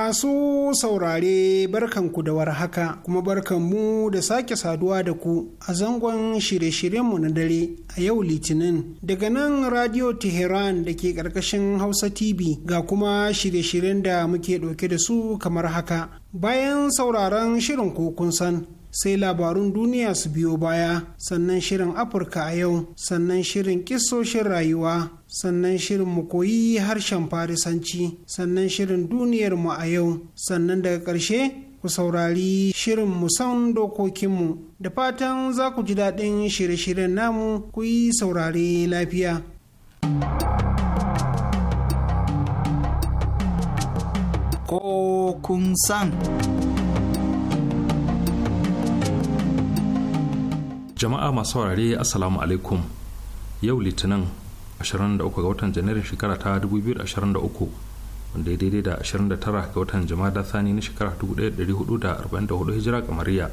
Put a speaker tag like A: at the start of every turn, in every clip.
A: Masu saurare barkanku da warhaka kuma barkanmu da sake saduwa da ku a zangon shirye-shiryenmu na dare a yau Litinin. Daga nan Radio Tehran da ke karkashin Hausa TV ga kuma shirye-shiryen da muke ɗauke da su kamar haka. Bayan sauraron shirin kun san sai labarun duniya su biyo baya sannan shirin afirka a yau sannan shirin kisoshin rayuwa sannan shirin mu koyi harshen farisanci sannan shirin duniyar mu a yau sannan daga ƙarshe ku saurari shirin musan dokokinmu da fatan za ku ji daɗin shirye-shiryen namu ku yi saurare lafiya.
B: Ko kun san.
C: jama'a masu saurare assalamu alaikum yau litinin 23 ga watan janairun shekara ta 2023 wanda ya daidai da 29 ga watan jama'a thani na shekara 1444 hijira kamariya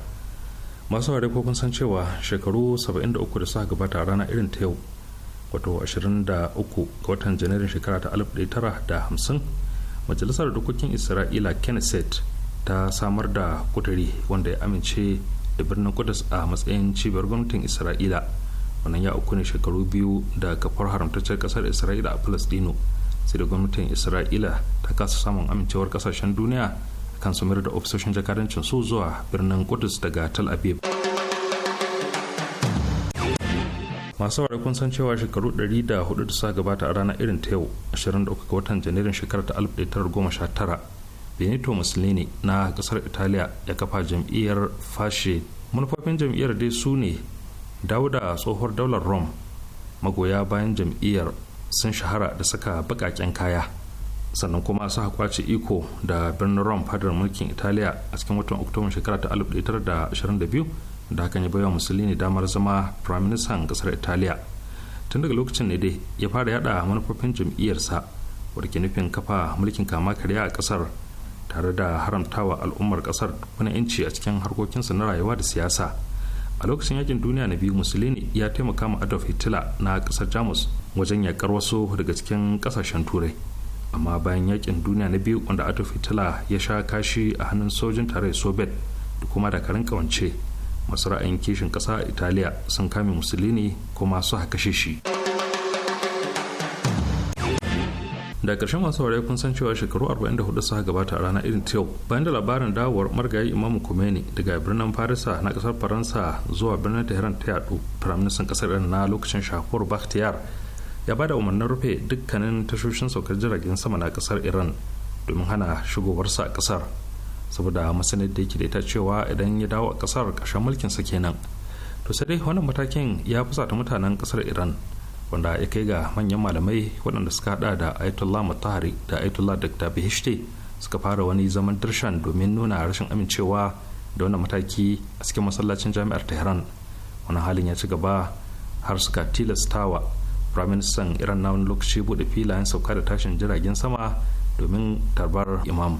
C: masu saurare ko kun san cewa shekaru 73 da suka gabata rana irin ta yau wato 23 ga watan janairun shekara ta 1950 majalisar dokokin isra'ila kenneth ta samar da kuturi wanda ya amince da birnin kudus a matsayin cibiyar gwamnatin isra'ila wannan ya uku ne shekaru biyu da kafar haramtaccen kasar isra'ila a palestino sai da gwamnatin isra'ila ta kasa samun amincewar kasashen duniya kan su da ofisoshin jakadancin su zuwa birnin kudus daga tel aviv masu wari kun san cewa shekaru 104 da hudu da suka gabata a ranar irin ta yau 23 ga watan janairun shekarar ta 1919 benito mussolini na kasar italiya ya kafa jam'iyyar fashe manufofin jam'iyyar dai su ne dawo da tsohuwar daular rome magoya bayan jam'iyyar sun shahara da saka bakaken kaya sannan kuma su kwace iko da birnin rome fadar mulkin italiya a cikin watan oktoba shekara ta 1922 da hakan ya baiwa musulini damar zama firaministan kasar italiya tun daga lokacin ne dai ya fara yada manufofin jam'iyyarsa wadda ke nufin kafa mulkin kama karya a kasar tare da haramtawa al'ummar kasar wani 'yanci a cikin harkokinsa na rayuwa da siyasa a lokacin yakin duniya na biyu musulini ya taimaka ma adolf hitler na kasar jamus wajen yakar wasu daga cikin kasashen turai amma bayan yakin duniya na biyu wanda adolf hitler ya sha kashi a hannun sojin tare soviet da kuma dakarun kawance masu ra'ayin kishin ƙasa italiya sun kame musulini kuma su haka shi da ƙarshen masu saurare kun san cewa shekaru 44 suka gabata a ranar irin ta yau bayan da labarin dawowar margayi imam kumeni daga birnin farisa na kasar faransa zuwa birnin tehran ta yadu firaministan kasar irin na lokacin shakur bakhtiyar ya bada umarnin rufe dukkanin tashoshin saukar jiragen sama na kasar iran domin hana shigowarsa a kasar saboda masanin da yake da ita cewa idan ya dawo a kasar ƙarshen mulkinsa kenan to sai dai wannan matakin ya fusata mutanen ƙasar iran wanda ya kai ga manyan malamai waɗanda suka haɗa da ayatollah mutahari da ayatollah dr bihishte suka fara wani zaman darshan domin nuna rashin amincewa da wani mataki a cikin masallacin jami'ar tehran wani halin ya ci gaba har suka tilastawa firaministan iran na wani lokaci buɗe filayen sauka da tashin jiragen sama domin tarbar imam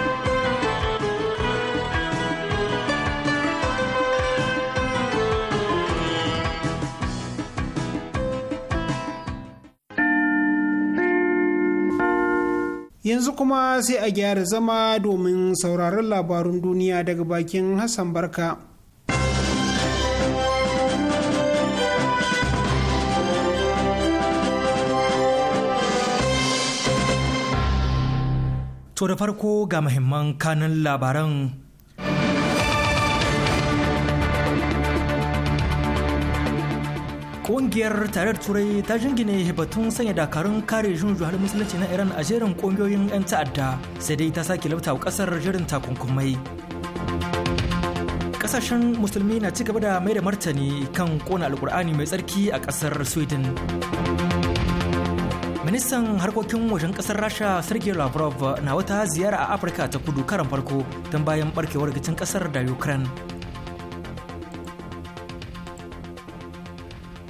A: yanzu kuma sai a gyara zama domin sauraron labarun duniya daga bakin Hassan Barka.
D: To da farko ga muhimman kanin labaran Kungiyar Tarar Turai ta jingine batun sanya dakarun kare jin juhar musulunci na Iran a jerin kungiyoyin 'yan ta'adda sai dai ta sake lafta kasar jirin takunkumai. Kasashen musulmi na cigaba da mai da martani kan kona alkur'ani mai tsarki a kasar Sweden. Ministan harkokin wajen Kasar Rasha Sergei Lavrov na wata ziyara a Afirka ta kudu karan farko don bayan barkewar rikicin kasar da Ukraine.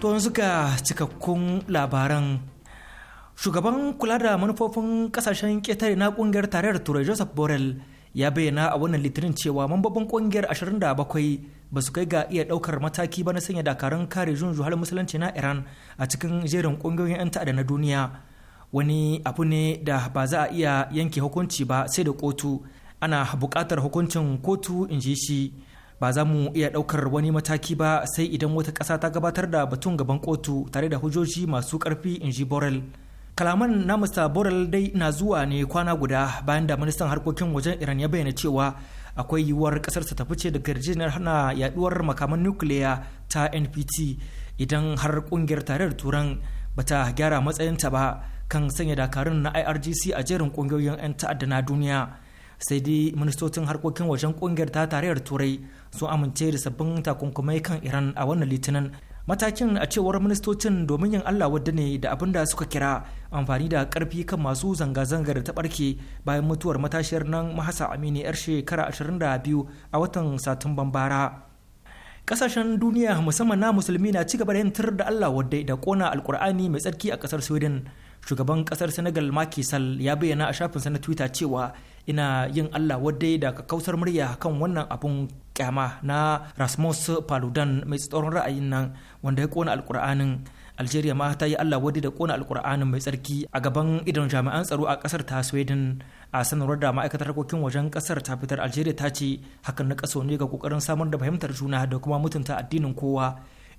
D: to yanzu ga cikakkun labaran shugaban kula da manufofin kasashen ƙetare na ƙungiyar tarayyar turai joseph borrell ya bayyana a wannan litinin cewa mambobin ƙungiyar 27 ba su kai ga iya ɗaukar mataki ba na sanya dakarun kare jun juhar musulunci na iran a cikin jerin ƙungiyoyin 'yan ta'adda na duniya wani abu ne da ba za a iya yanke hukunci ba sai da kotu ana buƙatar hukuncin kotu in ji shi ba za mu iya ɗaukar wani mataki ba sai idan wata ƙasa ta gabatar da batun gaban kotu tare da hujjoji masu ƙarfi in ji borel kalaman na mr borel dai na zuwa ne kwana guda bayan da ministan harkokin wajen iran ya bayyana cewa akwai yiwuwar ƙasarsa ta fice da yarjejeniyar hana yaduwar makaman nukiliya ta npt idan har ƙungiyar tarayyar turan ba ta gyara matsayinta ba kan sanya dakarun na irgc a jerin ƙungiyoyin 'yan ta'adda na duniya sai dai ministocin harkokin wajen kungiyar ta tarayyar turai sun amince da sabbin takunkumai kan iran a wannan litinin matakin a cewar ministocin domin yin allah wadda ne da abin da suka kira amfani da karfi kan masu zanga-zangar da ta barke bayan mutuwar matashiyar nan mahasa amini yar shekara 22 a watan satumban bara kasashen duniya musamman na musulmi na ci gaba da yin tur da allah wadda da kona alkur'ani mai tsarki a kasar sweden shugaban kasar senegal Macky Sall ya bayyana a shafinsa na twitter cewa ina yin allah wadai da kausar murya kan wannan abun kyama na rasmus paludan mai tsoron ra'ayin nan wanda ya kona alkur'anin algeria ma ta yi allah wadai da kona alkur'anin mai tsarki a gaban idan jami'an tsaro a kasar ta sweden a sanarwar da ma'aikatar harkokin wajen kasar ta fitar algeria ta ce hakan na kaso ne ga kokarin samar da fahimtar juna da kuma mutunta addinin kowa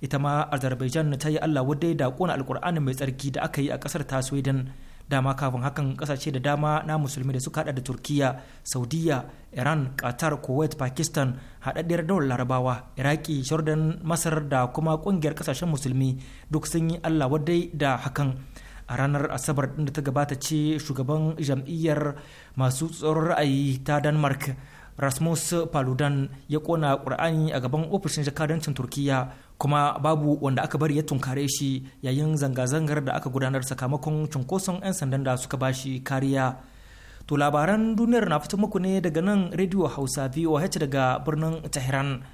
D: ita ma azerbaijan ta yi allah wadda da kona alkur'ani mai tsarki da aka yi a kasar ta sweden dama kafin hakan kasashe da dama na musulmi da suka hada da turkiya saudiya iran qatar kuwait pakistan haɗaɗɗiyar daular larabawa iraki jordan masar da kuma ƙungiyar kasashen musulmi duk sun yi allah wadda da hakan a ranar asabar da ta gabata ce shugaban jam'iyyar masu tsoron ra'ayi ta danmark rasmus paludan ya kona ƙur'ani a gaban ofishin jakadancin turkiya kuma babu wanda aka bari ya tunkare shi yayin zanga-zangar da aka gudanar sakamakon cunkoson 'yan sandan da suka ba shi kariya to labaran duniyar na fito muku ne daga nan rediyo hausa voh daga birnin tehran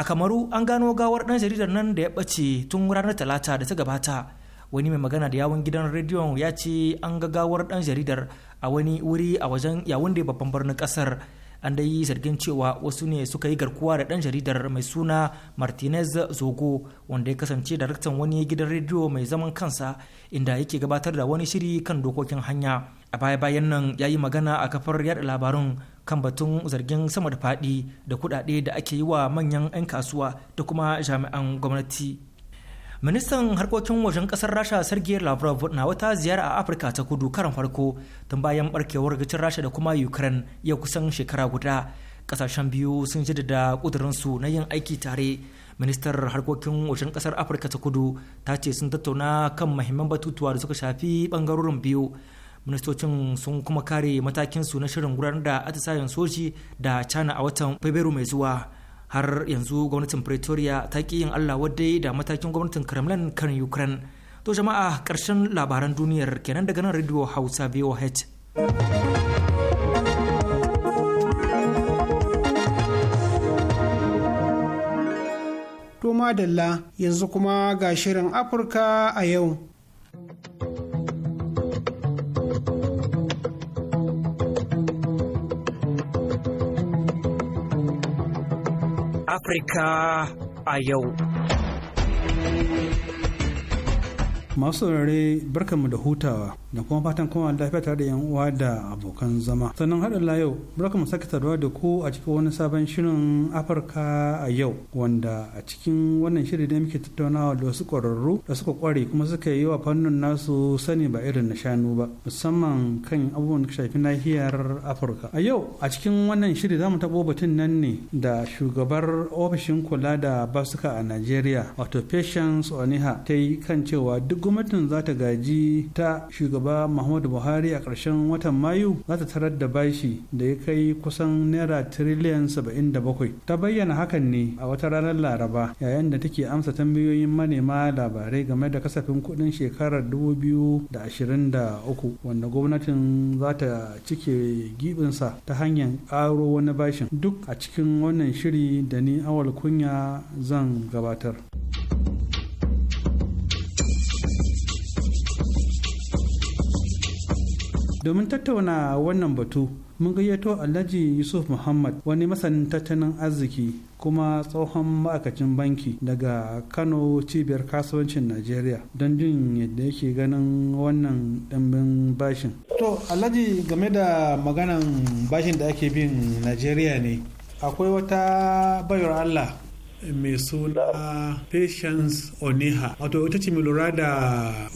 D: a kamaru an gano gawar ɗan jaridar nan da ya ɓace tun ranar talata da ta gabata wani mai magana da yawon gidan rediyon ya ce an ga gawar ɗan jaridar a wani wuri a wajen yawon da babban birnin kasar. an dai yi zargin cewa wasu ne suka yi garkuwa da ɗan jaridar mai suna martinez zogo wanda ya kasance daraktan wani gidan rediyo mai zaman kansa inda yake gabatar da wani shiri kan dokokin hanya a baya bayan nan ya yi magana a kafar yada labarun kan batun zargin sama da faɗi da kuɗaɗe da ake yi wa manyan 'yan kasuwa da kuma jami'an gwamnati ministan harkokin wajen kasar rasha sergei lavrov na wata ziyara a afirka ta kudu karan farko tun bayan barkewar gicin rasha da kuma ukraine ya kusan shekara guda kasashen biyu sun jaddada kudurinsu na yin aiki tare ministar harkokin wajen kasar afirka ta kudu ta ce sun tattauna kan mahimman batutuwa da suka shafi bangarorin biyu ministocin sun kuma kare matakinsu na shirin gudanar da atisayen soji da cana a watan fabrairu mai zuwa har yanzu gwamnatin pretoria ta ƙi yin allah wadai da matakin gwamnatin kremlin kan ukraine to jama'a ƙarshen labaran duniyar kenan daga nan radio hausa voh
A: To madalla yanzu kuma ga shirin Afirka a yau.
D: Afirka a yau.
E: Masu saurare barkanmu da hutawa da kuma fatan kuma lafiya tare da yan uwa da abokan zama sannan haɗa la yau barka mu sake saduwa da ku a cikin wani sabon shirin afirka a yau wanda a cikin wannan shiri da muke tattaunawa da wasu ƙwararru da suka ƙware kuma suka yi wa fannin nasu sani ba irin na shanu ba musamman kan abubuwan da shafi nahiyar afirka a yau a cikin wannan shiri za mu taɓo batun nan ne da shugabar ofishin kula da basuka a najeriya wato patience oniha ta yi kan cewa duk gwamnatin za ta gaji ta shugaban shugaba muhammadu buhari a ƙarshen watan mayu za ta tarar da bashi da ya kai kusan naira tiriliyan saba'in da bakwai ta bayyana hakan ne a wata ranar laraba yayin da take amsa tambayoyin manema labarai game da kasafin kuɗin shekarar dubu biyu da da ashirin uku wanda gwamnatin za ta cike gibinsa ta hanyar ƙaro wani bashin duk a cikin wannan shiri da ni awal kunya zan gabatar. domin tattauna wannan batu mun gayyato alhaji yusuf muhammad wani masanin tattalin arziki kuma tsohon ma'aikacin banki daga kano cibiyar kasuwancin najeriya don jin yadda yake ganin wannan ɗanbin bashin to alhaji game da maganan bashin da ake bin najeriya ne akwai wata bayar allah mai suna patience oniha wato ita ce mai lura da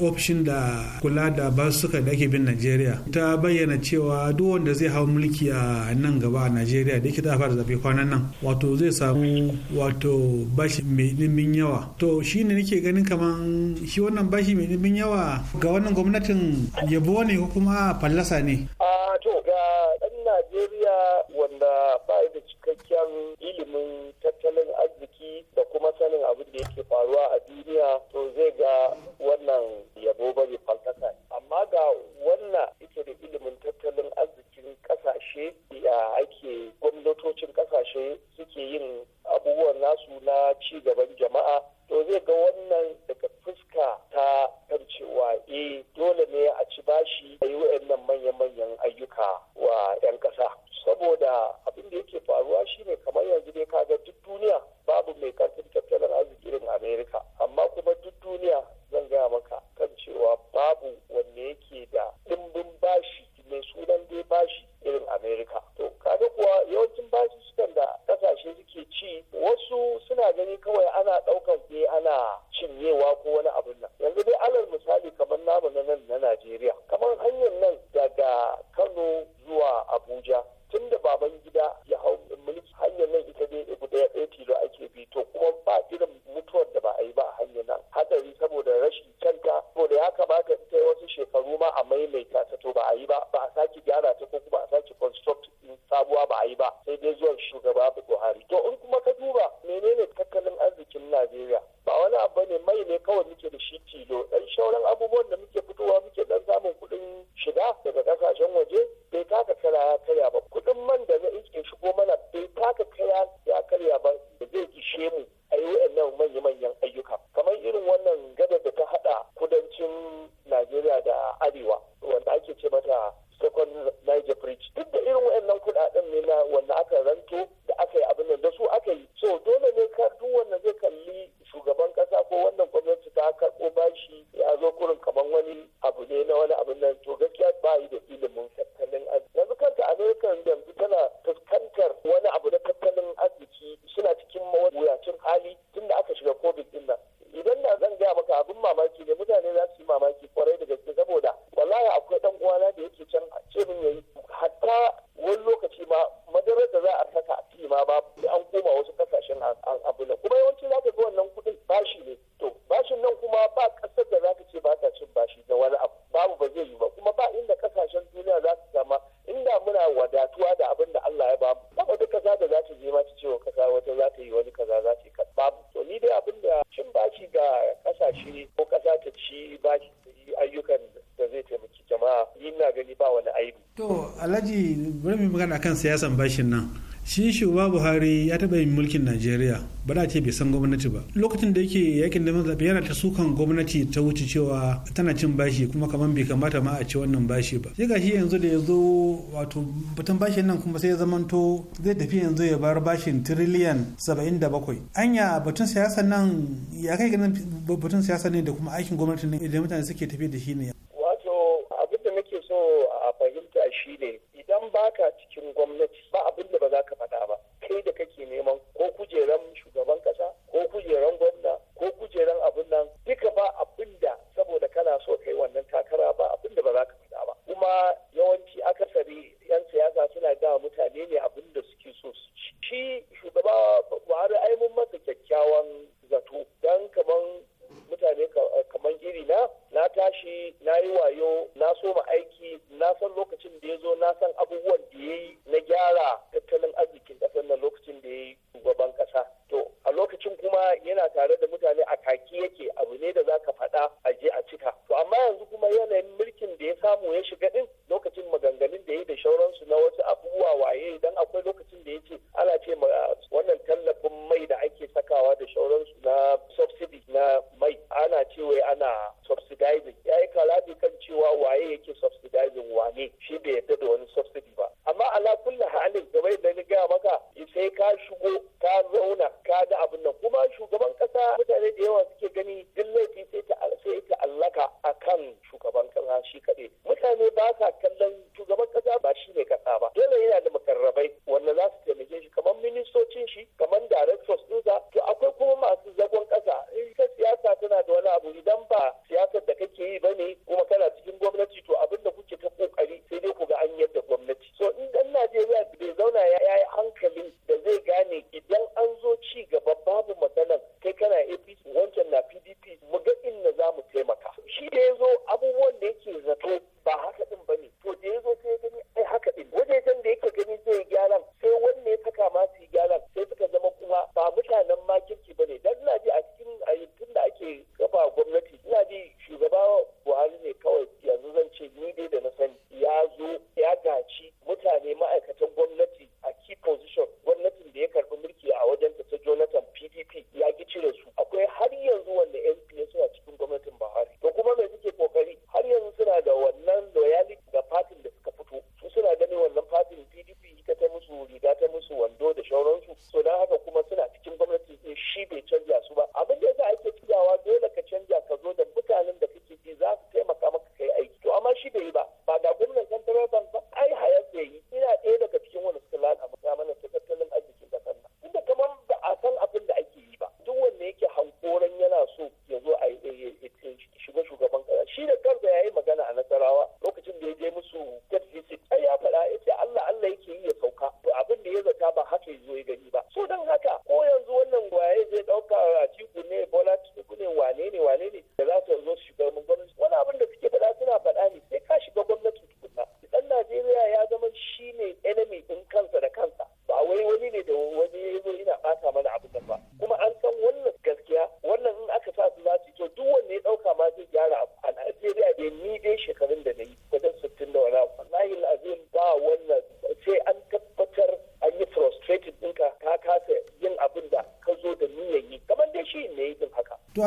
E: option da kula da basuka da ake bin najeriya ta bayyana cewa duk wanda zai hau mulki a nan gaba a najeriya da yake ta fara zabe kwanan nan wato zai samu wato bashi mai dimbin yawa to shi ne nake ganin kaman shi wannan bashi mai dimbin yawa ga wannan gwamnatin yabo ne ko kuma fallasa ne
F: a ah, to ga dan najeriya wanda ba da cikakken ilimin tattalin arziki da kuma sanin abin da yake faruwa a duniya to zai ga wannan yabo bane faltaka amma ga wannan ita da ilimin tattalin arzikin kasashe da ake gwamnatocin kasashe suke yin abubuwan nasu na ci gaban jama'a to zai ga wannan daga fuska ta kan cewa eh dole ne a ci bashi a yi wa'annan manya-manyan ayyuka wa 'yan ƙasa. saboda abin da yake faruwa shine kamar yanzu dai kaga duk duniya babu mai karfi
E: siyasan bashin nan shi shugaba buhari ya taɓa yin mulkin najeriya ba da ce bai san gwamnati ba lokacin da yake yakin da zaɓe yana ta sukan gwamnati ta wuce cewa tana cin bashi kuma kamar bai kamata ma a ci wannan bashi ba sai gashi yanzu da ya zo wato batun bashin nan kuma sai ya zamanto zai tafi yanzu ya bar bashin tiriliyan saba'in da bakwai anya batun siyasa nan ya kai ganin batun siyasa ne da kuma aikin gwamnati ne idan mutane suke tafi da shi ne
F: alaka cikin gwamnati ba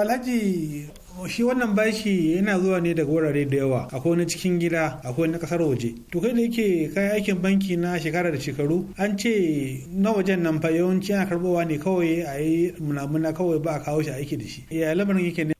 E: alhaji shi wannan bashi yana zuwa ne daga wurare da yawa akwai na cikin gida akwai na kasar waje to kai da yake kai aikin banki na shekara da shekaru an ce na wajen nan fa yawanci ana karbowa ne kawai a yi munamuna kawai ba a kawo shi aiki da shi ya lamarin yake ne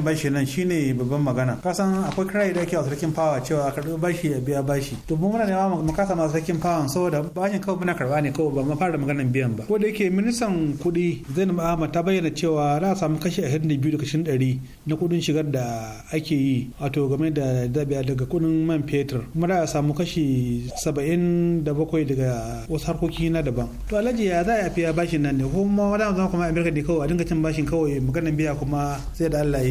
E: biyan bashi nan shine babban magana kasan akwai kira da ake a sarkin fawa cewa a karɓi bashi a biya bashi to mu muna ma mu kasa ma sarkin fawan saboda bashin kawai muna karɓa ne kawai ba mu fara maganan biyan ba ko da yake ministan kuɗi zainab ahmad ta bayyana cewa za a samu kashi a da biyu da kashin ɗari na kudin shigar da ake yi wato game da zabiya daga kudin man fetur kuma da samu kashi saba'in da bakwai daga wasu harkoki na daban to alhaji ya za a fiya bashin nan ne kuma wadanda zama kuma amerika ne kawai a dinga cin bashin kawai maganin biya kuma sai da allah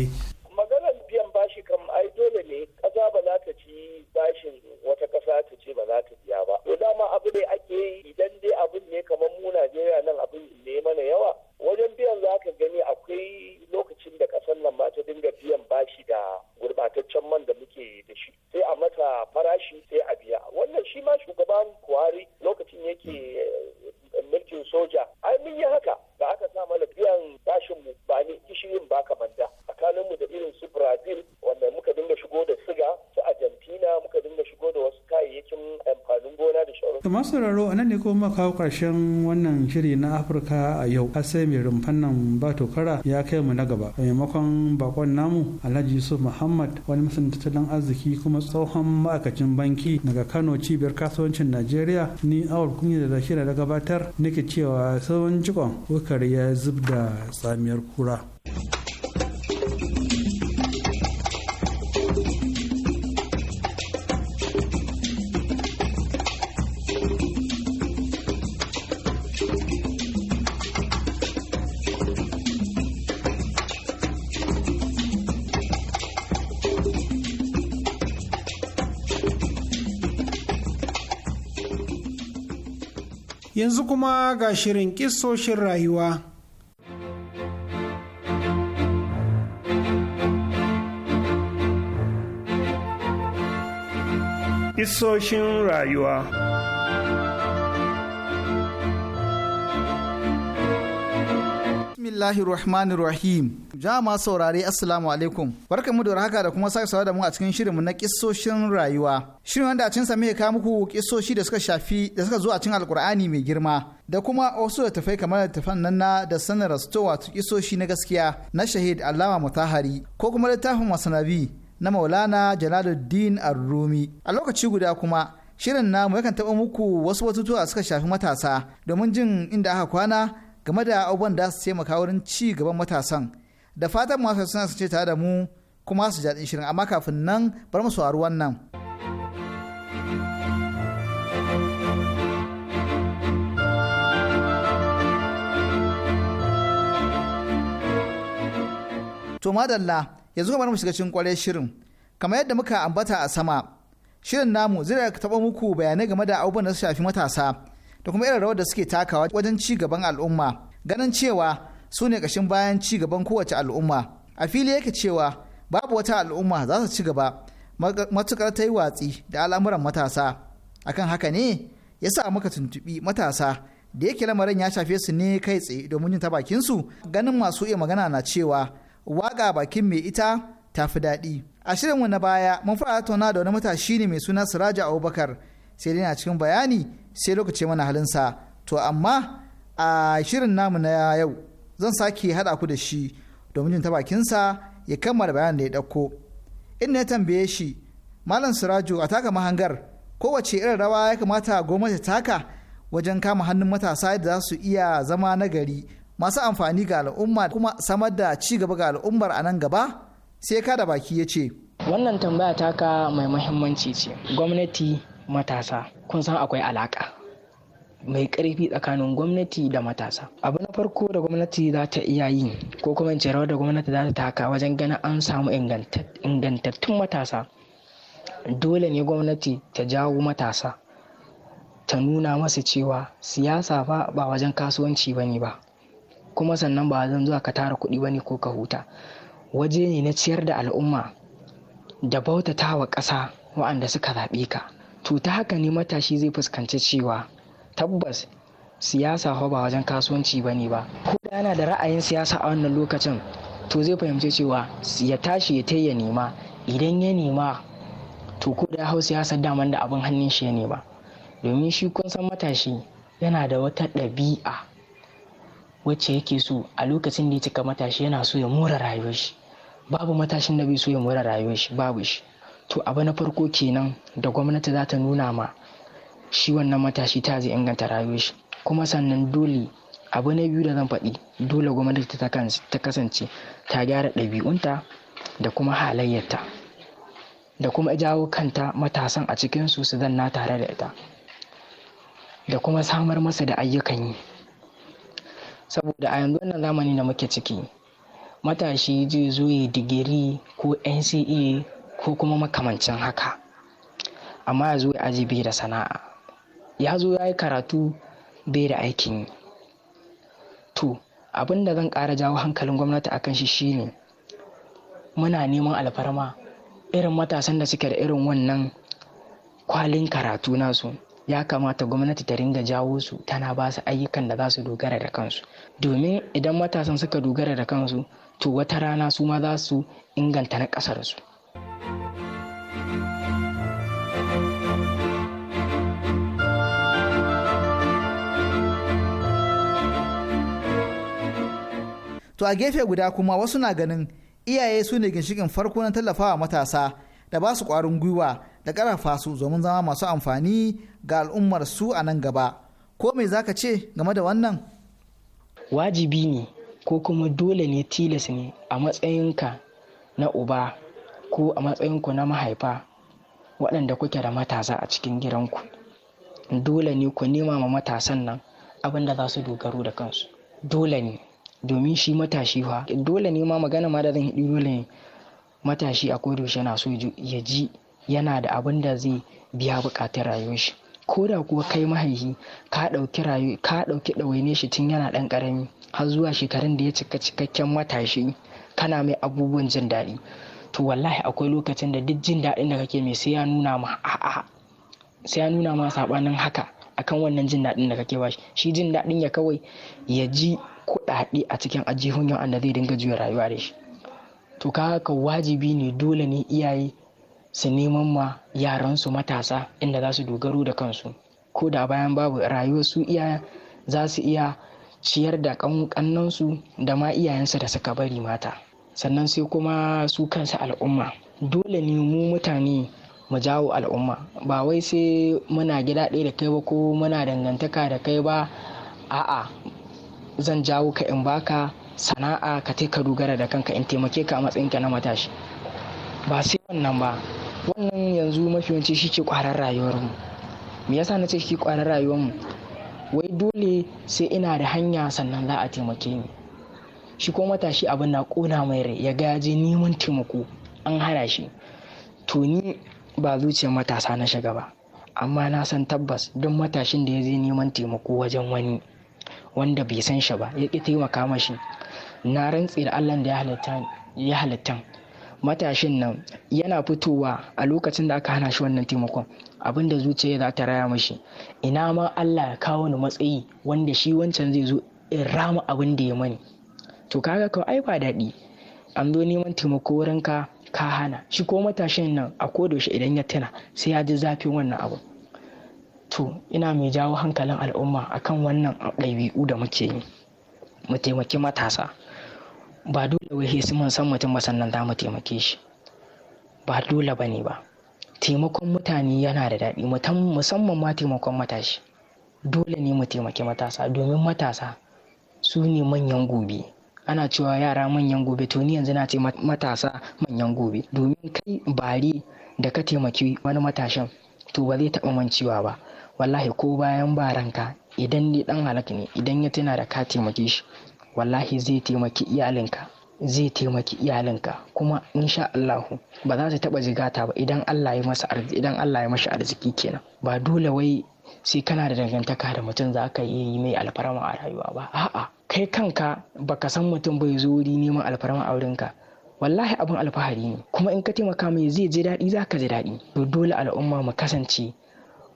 E: nan ne kuma kawo karshen wannan shiri na afirka a yau har sai mai rumfan nan ba tokara ya kai mu na gaba a maimakon bakon namu alhaji yusuf muhammad wani masan tattalin arziki kuma tsohon ma'aikacin banki daga kano cibiyar kasuwancin najeriya ni awar kunya da shirya da gabatar nake cewa sauran jikon wukar ya zubda tsamiyar kura.
A: yanzu kuma ga shirin kisoshin rayuwa.
B: Kisoshin rayuwa bismillahir rahmanir rahim jama saurare assalamu alaikum mu da haka da kuma sake sawa da mu a cikin shirinmu na kissoshin rayuwa shirin wanda a cin sa muke kawo muku kissoshi da suka shafi da suka zo a cikin alkur'ani mai girma da kuma wasu da tafai kamar tafan nan na da sanin rasto wato kissoshi na gaskiya na shahid allama mutahari ko kuma littafin masanabi na maulana jalaluddin ar-rumi a lokaci guda kuma shirin namu yakan taɓa muku wasu batutuwa suka shafi matasa domin jin inda aka kwana game da abubuwan da su taimaka wurin ci gaban matasan da fatan masu suna su ce tare da mu kuma su jaɗin shirin amma kafin nan bar mu saurari wannan. To madalla yanzu kamar mu shiga cikin kwarai shirin kamar yadda muka ambata a sama shirin namu zai taɓa muku bayanai game da abubuwan da su shafi matasa da kuma irin rawar da suke takawa wajen ci gaban al'umma ganin cewa su ne ƙashin bayan ci gaban kowace al'umma a fili yake cewa babu wata al'umma za su ci gaba matukar ta yi watsi da al'amuran matasa akan haka ne ya sa muka tuntuɓi matasa da yake lamarin ya shafe su ne kai tsaye domin yin ta bakin su. ganin masu iya magana na cewa waƙa bakin mai ita ta fi daɗi a shirinmu na baya mun fara tattauna da wani matashi ne mai suna siraja abubakar sai dai na cikin bayani sai lokaci mana halinsa to amma a shirin namu na yau zan sake haɗa ku da shi domin jin ta bakinsa ya kammala bayanin da ya ɗauko inda ya tambaye shi malam sirajo a taka mahangar kowace irin rawa ya kamata gwamnati taka wajen kama hannun matasa yadda za su iya zama nagari masu amfani ga al'umma kuma samar da ci gaba ga al'ummar a nan gaba sai ka da baki ya ce wannan tambaya taka mai
G: muhimmanci ce gwamnati matasa kun san akwai alaka mai ƙarfi tsakanin gwamnati da matasa abu na farko da gwamnati za ta iya yi ko kuma ce rawar da gwamnati za ta taka wajen gana an samu ingantattun matasa dole ne gwamnati ta jawo matasa ta nuna masu cewa siyasa fa ba wajen kasuwanci ba ne ba kuma sannan ba zan zuwa ka tara kuɗi ba ne ko ka huta waje ne na ciyar da al'umma da bautata wa ƙasa waɗanda suka zaɓe ka to ta haka ne matashi zai fuskanci cewa tabbas siyasa fa ba wajen kasuwanci ba ne ba ko da yana da ra'ayin siyasa a wannan lokacin to zai fahimci cewa ya tashi ya ya nema idan ya nema to ko da ya hau siyasar daman da abin hannun shi ya nema domin shi kun san matashi yana da wata ɗabi'a wacce yake so a lokacin da ya cika matashi yana so ya more rayuwar shi babu matashin da bai so ya more rayuwar shi babu shi to abu na farko kenan da gwamnati za ta nuna ma shi wannan matashi ta zai inganta rayuwar shi kuma sannan dole abu na biyu da zan faɗi dole gwamnati ta kasance ta gyara ɗabi'unta da kuma halayyarta da kuma jawo kanta matasan a cikinsu su zanna tare da ita da kuma samar masa da ayyukan yi saboda a yanzu wannan zamani da muke ciki matashi zai zo ya digiri ko nce ko kuma makamancin haka amma ya zo ya aji bai da sana'a ya zo ya yi karatu bai da aikin yi to abin da zan ƙara jawo hankalin gwamnati akan shi shine muna neman alfarma irin matasan da suke da irin wannan kwalin karatu nasu ya kamata gwamnati ta ringa jawo su tana ba su ayyukan da za su dogara da kansu domin idan matasan suka dogara da kansu to wata rana su ma za su inganta na ƙasarsu
B: To a gefe guda kuma wasu na ganin iyaye su ne ginshikin farko na tallafawa matasa da ba su ƙwarin gwiwa da ƙarafa su domin zama masu amfani ga al'ummar su a nan gaba. Ko me zaka ce game da wannan? Wajibi ne ko kuma dole ne tilas
G: ne a matsayinka na uba Ko a matsayinku na mahaifa waɗanda kuke da matasa a cikin gidanku dole ne ku nema ma matasan nan abin da za su dogaro da kansu dole ne domin shi matashi fa dole ne ma magana ma da zan hiɗi dole ne matashi a kodayaushe yana so ya ji yana da abin da zai biya bukatar rayuwar shi ko da kuwa kai mahaifi ka ɗauki rayu ka ɗauki ɗawaine shi tun yana ɗan ƙarami har zuwa shekarun da ya cika cikakken matashi kana mai abubuwan jin daɗi to wallahi akwai lokacin da duk jin daɗin da kake mai sai ya nuna ma a'a sai ya nuna ma sabanin haka akan wannan jin daɗin da kake bashi shi jin daɗin ya kawai ya ji kuɗaɗe a cikin ajihun yau da zai dinga juya rayuwa da shi to ka ka wajibi ne dole ne iyaye su neman ma yaransu matasa inda za su dogaro da kansu ko da bayan babu rayuwar su iya za su iya ciyar da kannansu da ma iyayensu da suka bari mata sannan sai kuma su kansu al'umma dole ne mu mutane mu jawo al'umma ba wai sai muna gida ɗaya da kai ba ko muna dangantaka da kai ba a'a zan jawo ka in baka sana'a ka ka dogara da kanka in taimake ka a matsayinka na matashi ba sai wannan ba wannan yanzu mafi yawanci shi ke kwarar rayuwarmu me yasa na ce shi ke kwarar rayuwar mu wai dole sai ina da hanya sannan za a taimake ni shi ko matashi abin na kona mai rai ya ga je neman taimako an hana shi to ni ba zuciyar matasa na shiga ba amma na san tabbas don matashin da ya je neman taimako wajen wani wanda bai san shi ba ya ƙi taimaka mashi na rantse da allah da ya halitta matashin nan yana fitowa a lokacin da aka hana shi wannan taimakon abin da zuciya za ta raya mashi ina ma allah ya kawo ni matsayi wanda shi wancan zai zo in rama abin da ya mani to kaga kawai ai ba daɗi an zo neman taimako wurin ka ka hana shi ko matashin nan a kodayaushe idan ya tuna sai ya ji zafin wannan abu to ina mai jawo hankalin al'umma akan wannan ɗabi'u da muke yi mu taimaki matasa ba dole wai sai mun san mutum ba sannan za mu taimake shi ba dole ba ne ba taimakon mutane yana da daɗi musamman ma taimakon matashi dole ne mu taimaki matasa domin matasa su ne manyan gobe ana cewa yara manyan gobe to ni yanzu na ce matasa manyan gobe domin kai bari da ka taimaki wani matashin to ba zai taɓa mancewa ba wallahi ko bayan baranka idan ni dan halak ne idan ya tana da ka taimaki shi wallahi zai taimaki iyalinka zai taimaki iyalinka kuma insha Allahu ba za ta taba jigata ba idan Allah ya masa arziki idan Allah ya mashi arziki kenan ba dole wai sai kana da dangantaka da mutum za ka yi mai alfarma a rayuwa ba a'a kai kanka baka san mutum bai zo wuri neman alfarma a wurinka wallahi abin alfahari ne kuma in ka taimaka mai zai ji daɗi za ka ji daɗi to dole
B: al'umma mu kasance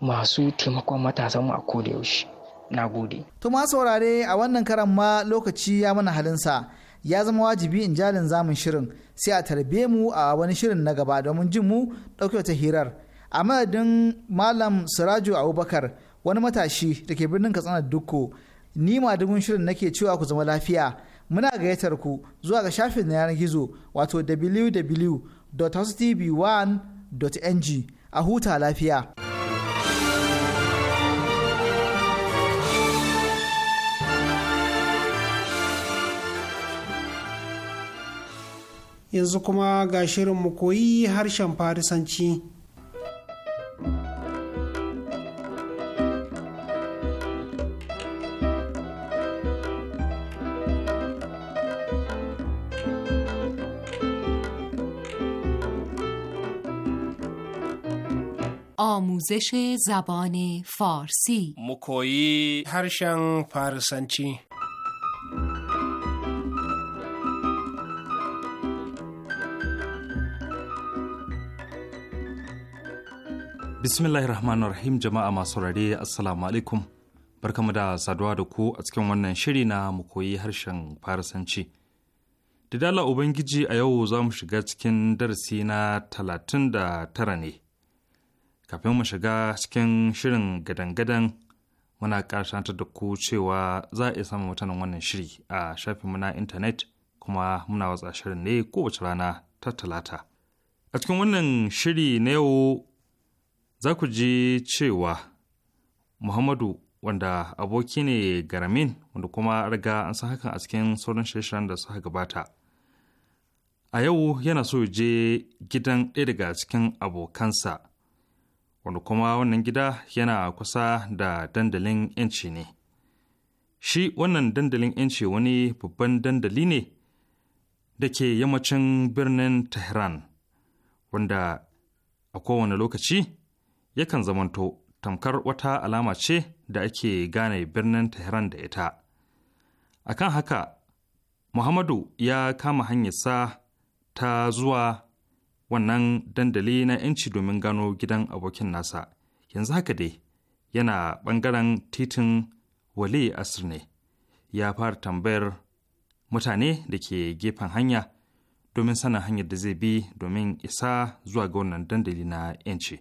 B: masu taimakon matasanmu a koda yaushe na gode to ma saurare a wannan karan ma lokaci ya mana halin sa ya zama wajibi in jalin zamun shirin sai a tarbe mu a wani shirin na gaba domin jin mu ɗauke ta hirar a madadin malam sirajo abubakar wani matashi da ke birnin katsina dukko ni ma shirin nake cewa ku zama lafiya muna gayyatar ku zuwa ga shafin na yanar gizo wato www.hostv1.ng a huta lafiya.
A: Yanzu kuma ga shirin mu koyi harshen Farisanci.
H: آموزش زبان فارسی
C: مکویی
A: هرشن فارسنچی
C: bismillahir rahmanir rahim jama'a masu rare assalamu alaikum barkamu da saduwa da ku a cikin wannan shiri na mu koyi harshen farisanci da dala ubangiji a yau za mu shiga cikin darasi na talatin da tara ne kafin mu shiga cikin shirin gadangadan gadan muna karshantar da ku cewa za a iya samun mutanen wannan shiri a shafin muna intanet kuma muna watsa shirin ne kowace rana ta talata a cikin wannan shiri na yau za ku ji cewa muhammadu wanda aboki ne garamin wanda kuma riga an san hakan a cikin sauran shirye da suka gabata a yau yana so je gidan ɗaya daga cikin abokansa wanda kuma wannan gida yana kusa da dandalin 'yanci ne. Shi wannan dandalin 'yanci wani babban dandali ne da ke yammacin birnin Tehran, wanda a kowane lokaci yakan zamanto tamkar wata alama ce da ake gane birnin Tehran da ita. Akan haka, Muhammadu ya kama hanyarsa ta zuwa wannan dandali na 'yanci domin gano gidan abokin nasa yanzu haka dai yana ɓangaren titin wali asir ne ya fara tambayar mutane da ke gefen hanya domin sanin hanyar da zai bi domin isa zuwa ga wannan dandali na 'yanci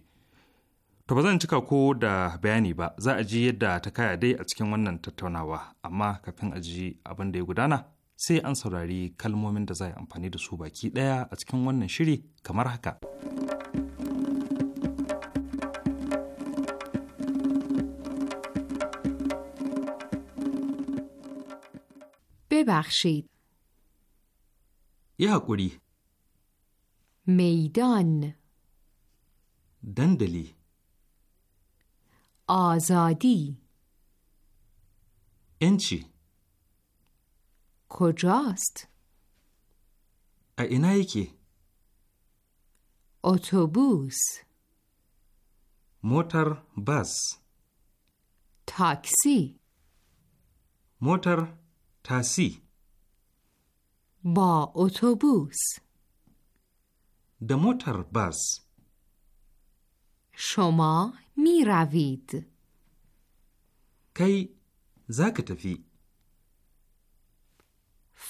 C: to ba zan cika ko da bayani ba za a ji yadda ta kaya dai a cikin wannan tattaunawa amma kafin a ji abin da ya gudana sai an saurari kalmomin da za a amfani da su baki ɗaya a cikin wannan shiri kamar haka.
H: ببخشید
C: یه حقوری
H: میدان دندلی آزادی انچی کجاست؟
C: اینه یکی
H: اتوبوس
C: موتر بس
H: تاکسی
C: موتر تاسی
H: با اتوبوس
C: د موتر بس
H: شما می روید کی زاک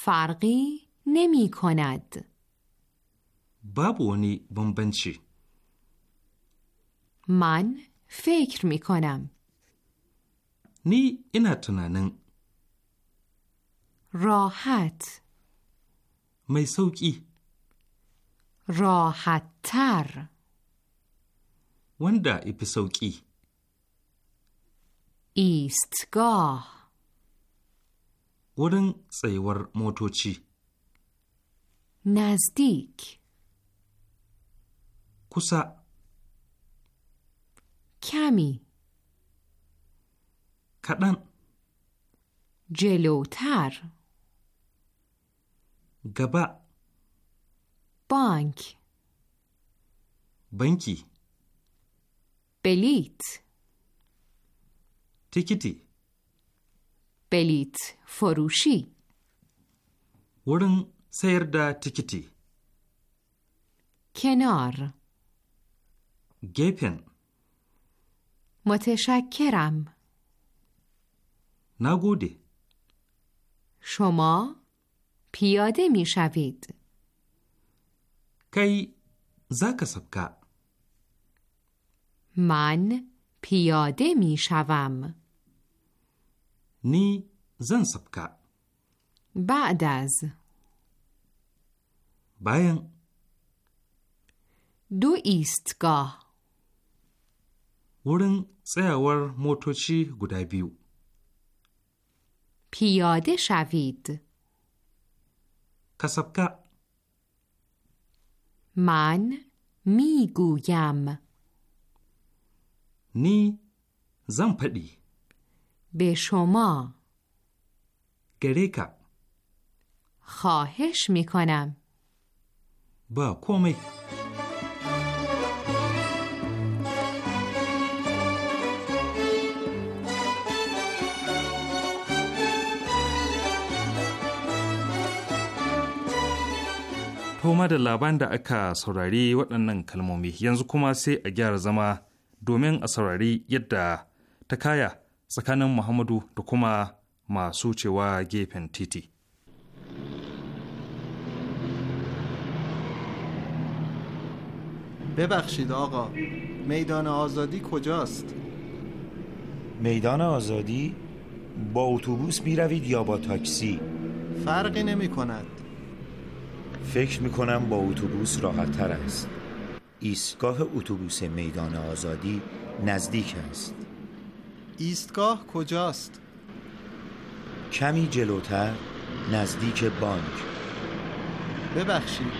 H: فرقی نمی کند
C: بابونی بمبنچی
H: من فکر می کنم
C: نی اینا تنانن
H: راحت
C: می سوکی
H: راحت تر
C: وندا ای پسوکی
H: ایستگاه
C: wurin tsayuwar motoci.
H: Nazdik Kusa Kyami Kaɗan Jelotar Gaba Bank Banki Belit Tikiti بلیت فروشی
C: ورن سیر دا تیکیتی کنار گیپن
H: متشکرم
C: نگودی
H: شما پیاده می شوید
C: کی زاک سبکا
H: من پیاده می شوم
C: ni zan sabka.
H: Ba'daz Bayan Du East ga
C: Wurin tsayawar motoci guda biyu.
H: Piyade Shavid Kasabka Man Migu Yam
C: Ni zan faɗi.
H: به شما گریکا خواهش میکنم با کومی
C: Toma da laban da aka saurari waɗannan kalmomi yanzu kuma sai a gyara zama domin a saurari yadda ta kaya tsakanin Muhammadu da kuma masu cewa gefen
E: ببخشید آقا میدان آزادی کجاست؟
I: میدان آزادی؟ با اتوبوس میروید یا با تاکسی؟ فرقی نمی کند فکر می کنم با اتوبوس راحت تر است ایستگاه اتوبوس میدان آزادی نزدیک است ایستگاه کجاست؟ کمی جلوتر نزدیک بانک ببخشید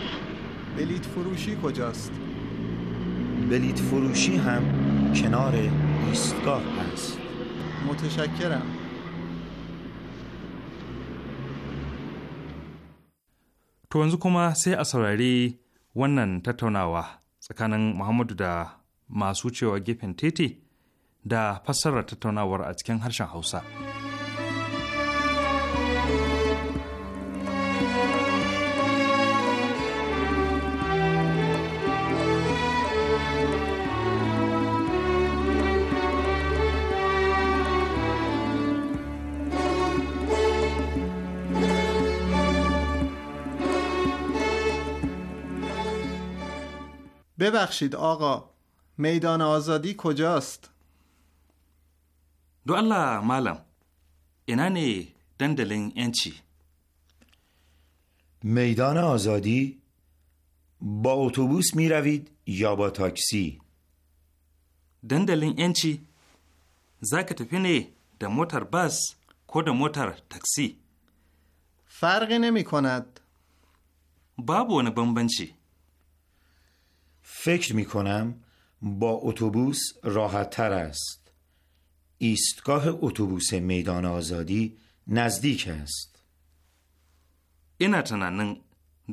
I: بلیت فروشی کجاست؟ بلیت فروشی هم کنار ایستگاه هست متشکرم تو کما
C: kuma sai a saurari wannan tattaunawa tsakanin Muhammadu da masu cewa gefen da fassarar tattaunawar a cikin harshen Hausa.
E: ببخشید آقا میدان
C: آزادی کجاست؟ دو الله مالم اینا نه دندلین انچی
I: میدان آزادی با اتوبوس می روید یا با تاکسی دندلین انچی زاک تفی نه ده موتر بس
C: کو ده موتر تاکسی فرق نمی کند بابو بمبنچی
I: فکر می کنم با اتوبوس راحت تر است ایستگاه اتوبوس میدان آزادی نزدیک است.
C: ina tunanin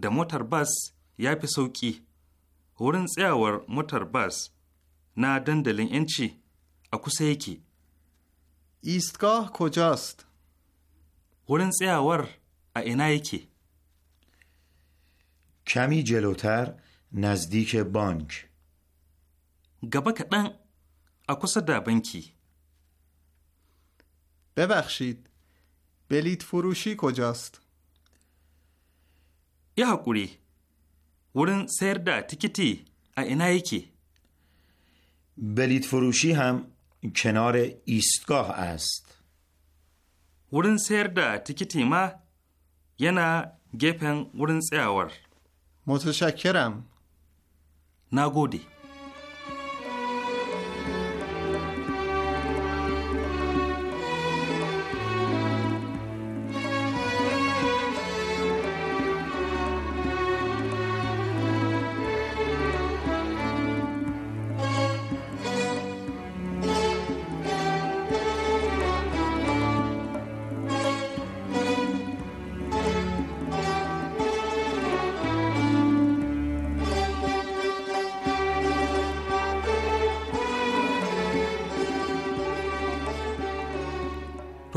C: da motar bas ya fi sauƙi wurin tsayawar motar bas na dandalin yanci a kusa yake ایستگاه کجاست؟
I: wurin tsayawar a ina yake کمی جلوتر نزدیک Bank. Gaba kaɗan a kusa da banki ببخشید
C: بلیت فروشی کجاست؟ یه حقوری
I: ورن سیر دا تیکتی اینا کی؟ بلیت فروشی هم کنار ایستگاه است
C: ورن سیر دا تیکیتی ما ینا گپن ورن سیاور متشکرم نگودی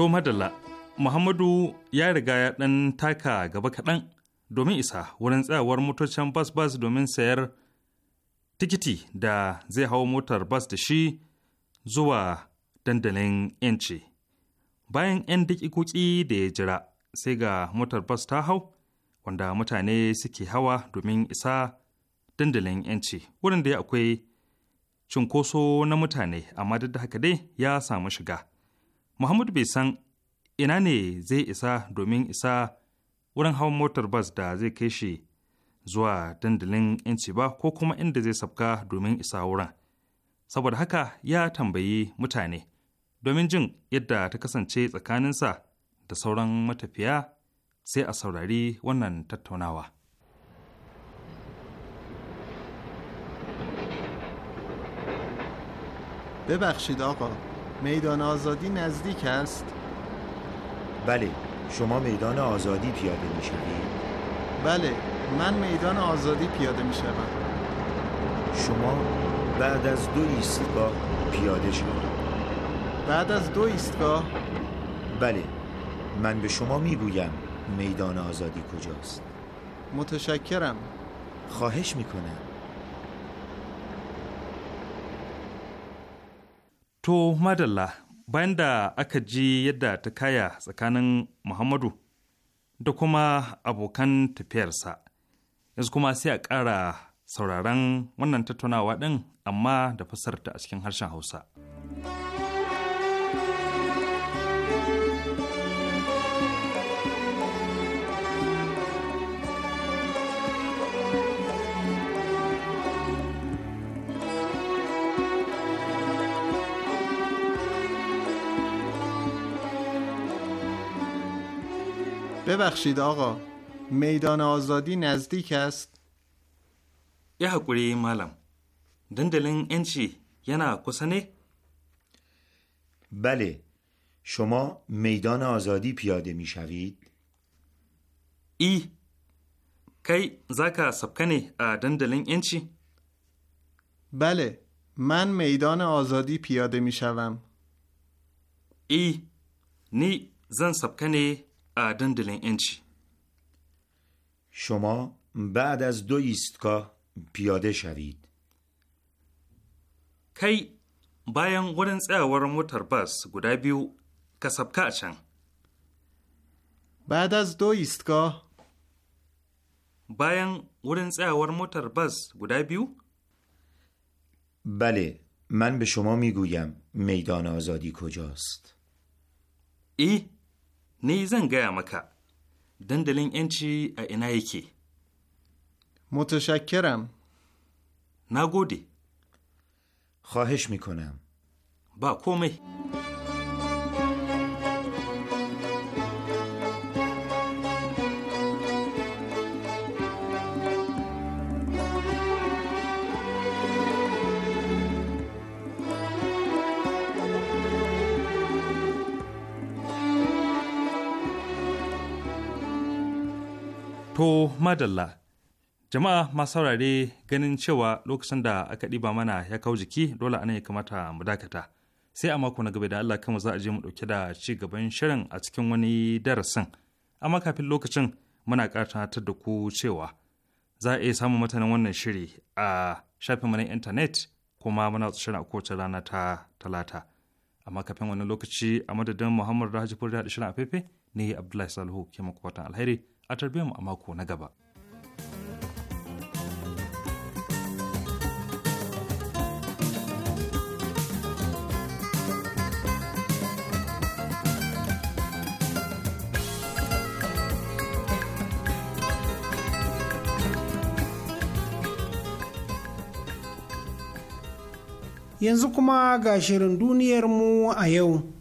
C: To madalla, Muhammadu ya riga ya ɗan taka gaba kaɗan domin isa wurin tsayawar motocin bas-bas domin sayar tikiti da zai hau motar bas da shi zuwa dandalin 'yanci. Bayan 'yan daƙiƙoƙi da ya jira sai ga motar bas ta hau wanda mutane suke hawa domin isa dandalin 'yanci wurin da ya akwai cunkoso na mutane amma duk da haka dai ya samu shiga. Muhammad bai san ina ne zai isa domin isa wurin hawan motar bas da zai kai shi zuwa dandalin 'yanci ba ko kuma inda zai sabka domin isa wurin. Saboda haka ya tambayi mutane domin jin yadda ta kasance tsakaninsa da sauran matafiya sai a saurari wannan tattaunawa.
I: ببخشید آقا میدان آزادی نزدیک است؟ بله شما میدان آزادی پیاده می بله من میدان آزادی پیاده می شما بعد از دو ایستگاه پیاده شوید بعد از دو ایستگاه؟ بله من به شما می میدان آزادی کجاست
E: متشکرم
I: خواهش می
C: To madalla bayan da aka ji yadda ta kaya tsakanin Muhammadu da kuma abokan tafiyarsa, yanzu kuma sai a ƙara sauraron wannan tattaunawa ɗin amma da fasarta a cikin harshen Hausa.
E: ببخشید آقا میدان آزادی نزدیک
C: است یه حکوری مالم دندلین انچی
I: یعنی کسنه؟ بله شما میدان آزادی پیاده می شوید؟ ای کی زکا سبکنه دندلین انچی؟ بله من
E: میدان آزادی پیاده می شوم.
C: ای نی
I: زن سبکنه دندلین انچی شما بعد از دو ایستگاه پیاده شوید
C: کی باین ورن تساور موتر بس گودا بیو کسبکا چن
I: بعد از دو ایستگاه
C: باین ورن تساور موتر بس گودا بیو
I: بله من به شما میگویم میدان آزادی کجاست
C: ای Ni zan gaya maka dandalin yanci a ina yake.
I: Motoshakiram. Na gode. Khwahish mikunan. Ba komai.
C: To madalla, jama'a masu saurare ganin cewa lokacin da aka ɗiba mana ya kau jiki dole anan ya kamata mu dakata. Sai a mako na gaba da Allah kama za a je mu ɗauke da ci gaban shirin a cikin wani darasin. Amma kafin lokacin muna ƙarfatar da ku cewa za a iya samun matanin wannan shiri a shafin mana intanet kuma muna shirin a kowace rana ta talata. amma kafin wani lokaci a madadin muhammad rahaji da da shirin afefe ne abdullahi salihu ke fatan alheri a tarbiyyar mu a mako na gaba.
A: yanzu kuma ga shirin duniyarmu a yau.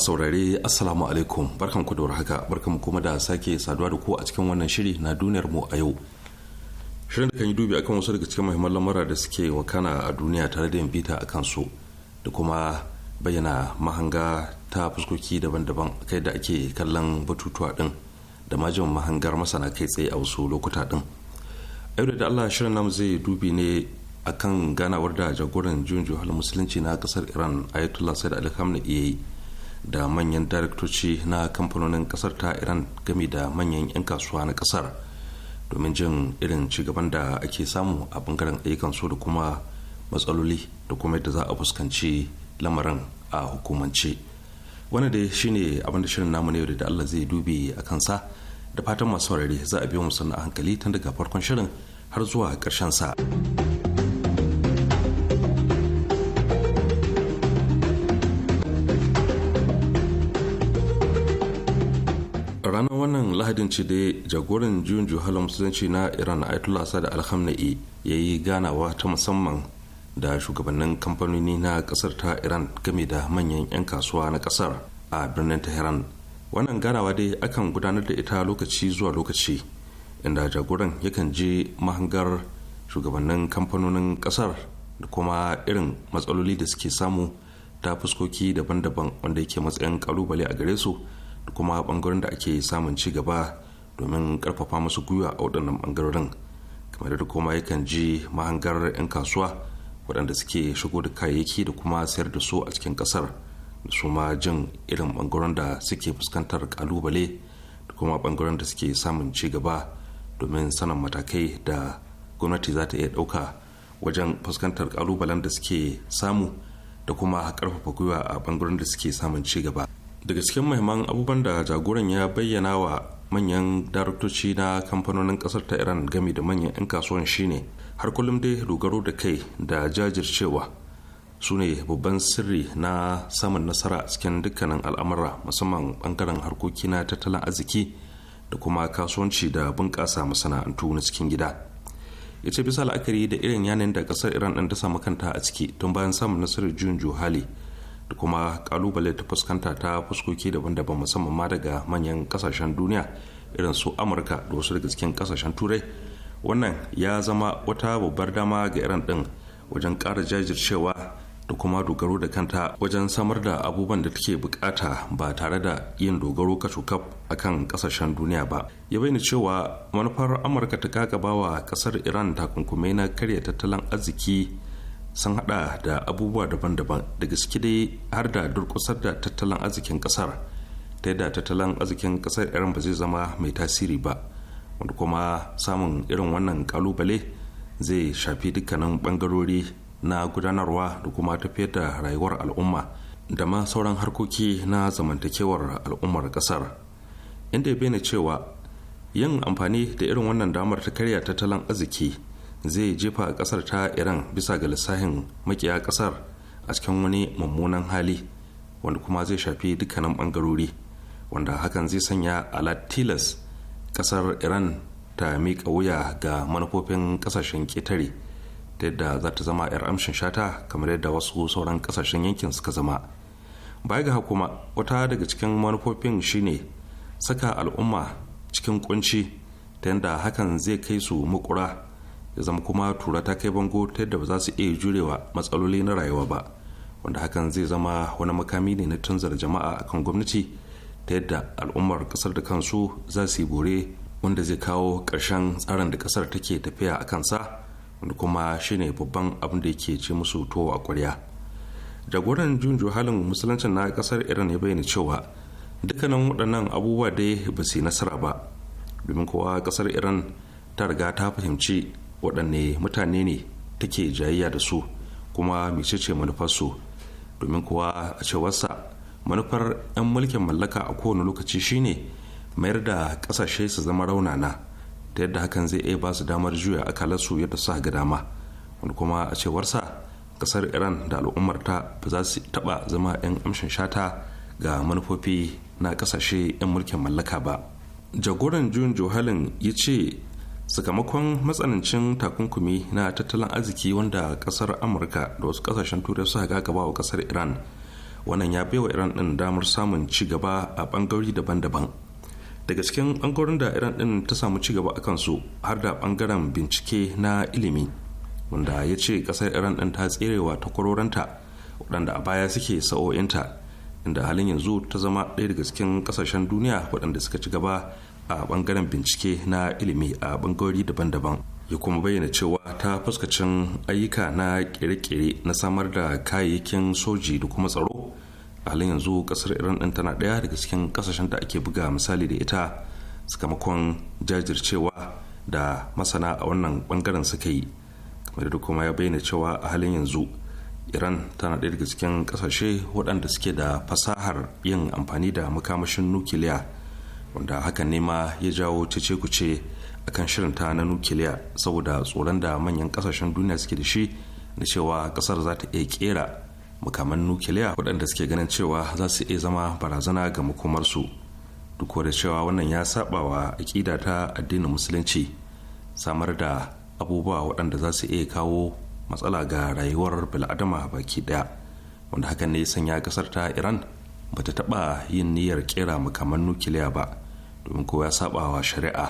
C: masu saurare assalamu alaikum barkan ku da haka barkan kuma da sake saduwa da ku a cikin wannan shiri na duniyar mu a yau shirin da kan yi dubi akan wasu daga cikin muhimman lamura da suke wakana a duniya tare da yin bita akan su da kuma bayyana mahanga ta fuskoki daban-daban kai da ake kallon batutuwa din da majin mahangar masana kai tsaye a wasu lokuta din a da Allah shirin namu zai dubi ne akan ganawar da jagoran juyin juhal musulunci na kasar iran ayatollah said ali khamenei da manyan daraktoci na kamfanonin kasar ta iran game da manyan 'yan kasuwa na kasar domin jin irin cigaban da ake samu a bangaren ayyukan su da kuma matsaloli da kuma yadda za a fuskanci lamarin a hukumance wani da ne abinda shirin namu ne da allah zai dubi a kansa da fatan masu za a biyo musamman a hankali tun daga farkon shirin har zuwa ƙarshen sa. mahadin ci da jagoran juyin juhalar musulunci na iran ayatollah sada alhamna'i ya yi ganawa ta musamman da shugabannin kamfanoni na kasar ta iran game da manyan 'yan kasuwa na kasar a birnin tehran wannan ganawa dai akan gudanar da ita lokaci zuwa lokaci inda jagoran yakan je mahangar shugabannin kamfanonin kasar da kuma irin matsaloli da suke samu ta fuskoki daban-daban wanda yake matsayin kalubale a gare su da kuma bangaren da ake samun ci gaba domin karfafa musu gwiwa a waɗannan bangarorin kamar da kuma yakan ji mahangar 'yan kasuwa waɗanda suke shigo da kayayyaki da kuma sayar da su a cikin ƙasar da su ma jin irin bangaren da suke fuskantar kalubale da kuma bangaren da suke samun ci gaba domin sanin matakai da gwamnati za ta iya ɗauka wajen fuskantar kalubalen da suke samu da kuma karfafa gwiwa a bangaren da suke samun ci gaba daga cikin muhimman abubuwan da jagoran ya bayyana wa manyan daraktoci na kamfanonin kasar ta iran gami da manyan 'yan kasuwan shine har kullum dai dogaro da kai da jajircewa su ne babban sirri na samun nasara cikin dukkanin al'amura musamman bangaren harkoki na tattalin arziki da kuma kasuwanci da bunƙasa masana'antu na cikin gida ita bisa la'akari da irin yanayin da kasar iran ɗin ta samu kanta a ciki tun bayan samun nasarar juyin juhali da kuma kalubale ta fuskanta ta fuskoki daban-daban musamman ma daga manyan kasashen duniya irin su amurka da wasu daga cikin kasashen turai wannan ya zama wata babbar dama ga irin din wajen ƙara jajircewa da kuma dogaro da kanta wajen samar da abubuwan da take bukata ba tare da yin dogaro kacukaf a kan kasashen duniya ba ya bayyana cewa manufar amurka ta gagaba wa kasar iran takunkumai na karya tattalin arziki sun hada da abubuwa daban-daban da gaske dai har da durkusar da tattalin arzikin kasar ta yadda tattalin arzikin kasar irin ba zai zama mai tasiri ba wanda kuma samun irin wannan kalubale zai shafi dukkanin bangarori na gudanarwa da kuma tafiyar da rayuwar al'umma da ma sauran harkoki na zamantakewar al'ummar kasar inda ya bayyana cewa yin amfani da irin wannan damar ta karya tattalin arziki zai jefa kasar ta iran bisa ga lissafin makiya kasar a cikin wani mummunan hali wanda kuma zai shafi dukkanin bangarori wanda hakan zai sanya alatilas tilas kasar iran ta miƙa wuya ga manufofin kasashen ƙetare ta yadda za ta zama 'yar amshin shata kamar yadda wasu sauran kasashen yankin suka zama baya ga hakuma wata daga cikin manufofin shine saka al'umma cikin kunci ta yadda hakan zai kai su mukura ya zama kuma tura ta kai bango ta yadda ba za su iya jurewa matsaloli na rayuwa ba wanda hakan zai zama wani makami ne na tunzar jama'a kan gwamnati ta yadda al'ummar kasar da kansu za su yi bore wanda zai kawo ƙarshen tsarin da kasar take tafiya a kansa wanda kuma shine babban abin da yake ce musu to a ƙwarya jagoran junjo halin musuluncin na kasar iran ya bayyana cewa dukkanin waɗannan abubuwa dai ba su yi nasara ba domin kowa kasar iran ta riga ta fahimci waɗanne mutane ne take jayayya da su kuma mecece manufarsu domin kuwa a cewarsa manufar 'yan mulkin mallaka a kowane lokaci shine mayar da ƙasashe su zama raunana ta yadda hakan zai iya basu damar juya akalarsu yadda su ga dama wani kuma a cewarsa ƙasar iran da al'ummarta ba za su taɓa zama 'yan amshin shata ga manufofi na ƙasashe 'yan mulkin mallaka ba jagoran juyin johalin ya ce sakamakon matsanancin takunkumi na tattalin arziki wanda kasar amurka da wasu kasashen turai suka gagaba wa kasar iran wannan ya baiwa iran din damar samun ci gaba a bangarori daban-daban daga cikin bangarorin da iran din ta samu ci gaba kan su har da bangaren bincike na ilimi wanda ya ce kasar iran din ta tserewa takwarorinta waɗanda a baya suke sa'o'inta inda halin yanzu ta zama ɗaya daga cikin kasashen duniya waɗanda suka ci gaba a bangaren bincike na ilimi a bangarori daban-daban ya kuma bayyana cewa ta fuskacin ayyuka na kere-kere na samar da kayayyakin soji da kuma tsaro A halin yanzu kasar iran din tana daya daga cikin kasashen da ake buga misali da ita sakamakon jajircewa da masana a wannan bangaren suka yi kamar da kuma ya bayyana cewa a halin yanzu iran tana daya daga cikin kasashe waɗanda suke da fasahar yin amfani da makamashin nukiliya wanda hakan ne ma ya jawo cece kuce a kan shirin ta na nukiliya saboda tsoron da manyan kasashen duniya suke da shi na cewa kasar za ta iya kera makaman nukiliya waɗanda suke ganin cewa za su iya zama barazana ga makomarsu duk da cewa wannan ya saba wa aƙida ta addinin musulunci samar da abubuwa waɗanda za su iya kawo matsala ga rayuwar bil'adama baki ɗaya wanda hakan ne sanya ƙasar ta iran bata taɓa yin niyyar kera makaman nukiliya ba domin kowa ya saba wa shari'a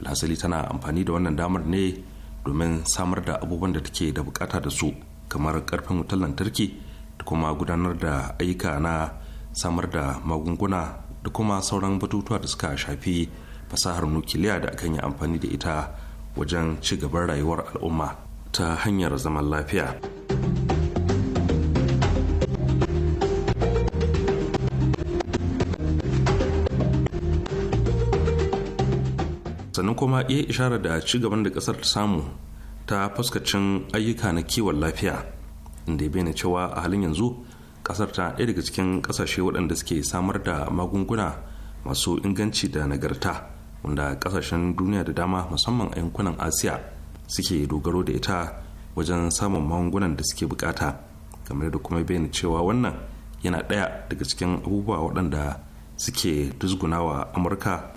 C: lasali tana amfani da wannan damar ne domin samar da abubuwan da take da bukata da su kamar karfin wutar lantarki da kuma gudanar da ayyuka na samar da magunguna da kuma sauran batutuwa da suka shafi fasahar nukiliya da akan yi amfani da ita wajen ci gaban rayuwar al'umma ta hanyar zaman lafiya. kuma iya ishara da ci gaban da kasar ta samu ta fuskacin ayyuka na kiwon lafiya inda ya bayyana cewa a halin yanzu kasar ta ɗaya daga cikin ƙasashe waɗanda suke samar da magunguna masu inganci da nagarta wanda ƙasashen duniya da dama musamman a yankunan asiya suke dogaro da ita wajen samun magungunan da suke bukata kamar da kuma bayyana cewa wannan yana ɗaya daga cikin abubuwa waɗanda suke dusgunawa amurka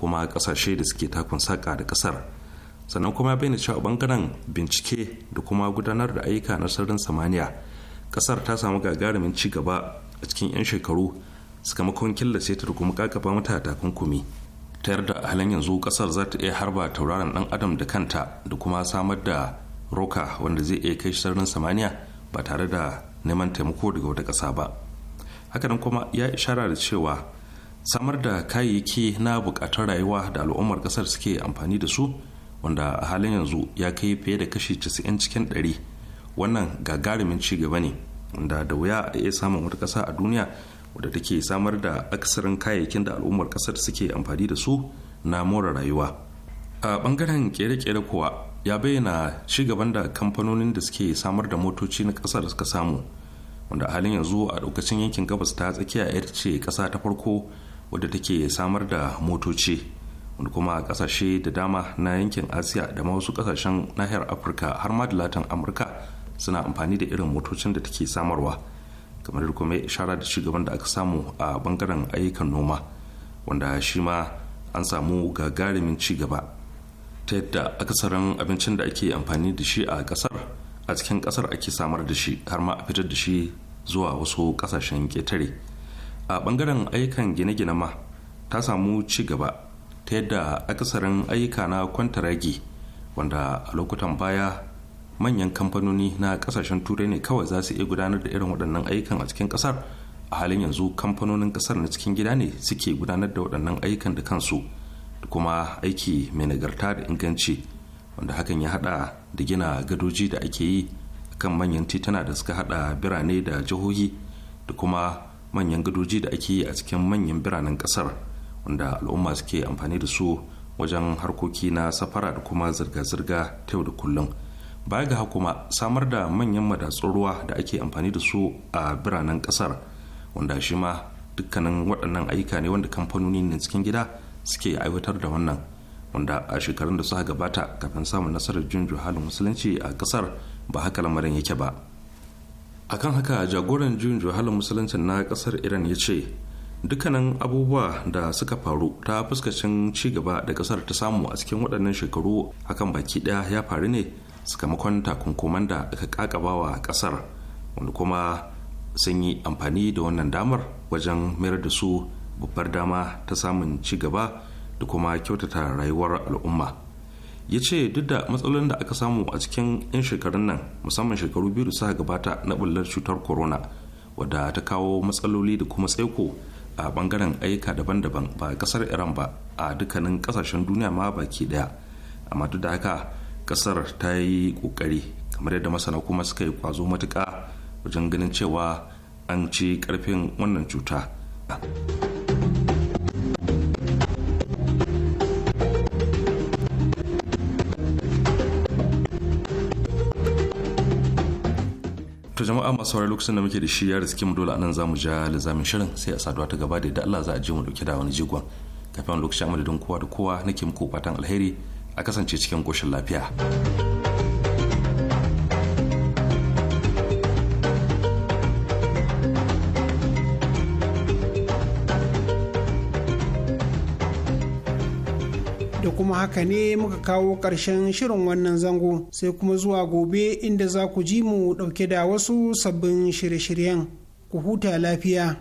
C: kuma kasashe da suke takun saƙa da ƙasar sannan kuma ya bayyana cewa bangaren bincike da kuma gudanar da ayyuka na sararin samaniya ƙasar ta samu gagarumin ci gaba a cikin 'yan shekaru sakamakon killace ta da kuma kakaba mata takunkumi ta yarda halin yanzu ƙasar za ta iya harba tauraron ɗan adam da kanta da kuma samar da roka wanda zai iya kai sararin samaniya ba tare da neman taimako daga wata ƙasa ba hakanan kuma ya ishara da cewa samar da kayayyaki na bukatar rayuwa da al'ummar kasar suke amfani da su wanda a halin yanzu ya kai fiye da kashi 90 cikin 100 wannan gagarumin ci gaba ne wanda da wuya a iya samun wata ƙasa a duniya wadda take samar da aksarin kayayyakin da al'ummar kasar suke amfani da su na more rayuwa a bangaren kere-kere kuwa ya bayyana ci gaban da kamfanonin da suke samar da motoci na kasar suka samu wanda halin yanzu a lokacin yankin gabas ta tsakiya ita ce kasa ta farko wadda take samar da motoci wadda kuma kasashe da dama na yankin asiya da ma wasu kasashen nahiyar afirka har ma da latin amurka suna amfani da irin motocin da take samarwa kamar da kuma ishara da shugaban da aka samu a bangaren ayyukan noma wanda shi ma an samu gagarumin ci gaba ta yadda akasarin abincin da ake amfani da shi a kasar a cikin kasar ake samar da shi har ma a fitar da shi zuwa wasu kasashen ketare a bangaren aikan gine-gine ma ta samu ci gaba ta yadda akasarin ayyuka na kwantaragi wanda a lokutan baya manyan kamfanoni na kasashen turai ne kawai za su iya gudanar da irin waɗannan ayyukan a cikin ƙasar a halin yanzu kamfanonin ƙasar na cikin gida ne suke gudanar da waɗannan ayyukan da kansu da kuma aiki mai nagarta da inganci wanda hakan ya haɗa da gina gadoji da ake yi kan manyan titina da suka haɗa birane da jihohi da kuma manyan gadoji da ake yi a cikin manyan biranen kasar wanda al'umma suke amfani da su wajen harkoki na safara da kuma zirga-zirga ta yau da kullum baya ga kuma samar da manyan madatsun ruwa da ake amfani da su a biranen kasar wanda shi ma dukkanin waɗannan ayyuka ne wanda kamfanoni ne cikin gida suke aiwatar da wannan wanda a shekarun da suka gabata kafin samun nasarar jin halin musulunci a kasar ba haka lamarin yake ba akan haka jagoran juyin juhalin musuluncin na kasar iran ya ce dukkanin abubuwa da suka faru ta fuskacin ci gaba da kasar ta samu a cikin waɗannan shekaru akan baki ɗaya ya faru ne sakamakon takunkuman da aka kakabawa kasar wanda kuma sun yi amfani da wannan damar wajen mayar da su babbar dama ta samun ci gaba da kuma kyautata rayuwar al'umma ya ce duk da matsalolin da aka samu a cikin 'yan shekarun nan musamman shekaru biyu da suka gabata na bullar cutar corona wadda ta kawo matsaloli da kuma tsaiko a bangaren ayyuka daban-daban ba a kasar iran ba a dukkanin kasashen duniya ma baki daya amma duk da haka kasar ta yi kokari kamar yadda masana kuma suka yi kwazo matuka wajen ganin cewa an ci karfin wannan cuta. jama'a masu saurari lokacin da muke da shi ya riske mu dole anan zamu ja lizamin shirin sai a saduwa ta gaba da yadda Allah za a je mu dauke da wani jigon kafin lokacin amadadin kowa da kowa nake muku fatan alheri a kasance cikin koshin lafiya.
A: haka ne muka kawo ƙarshen shirin wannan zango sai kuma zuwa gobe inda za ku ji mu ɗauke da wasu sabbin shirye-shiryen ku huta lafiya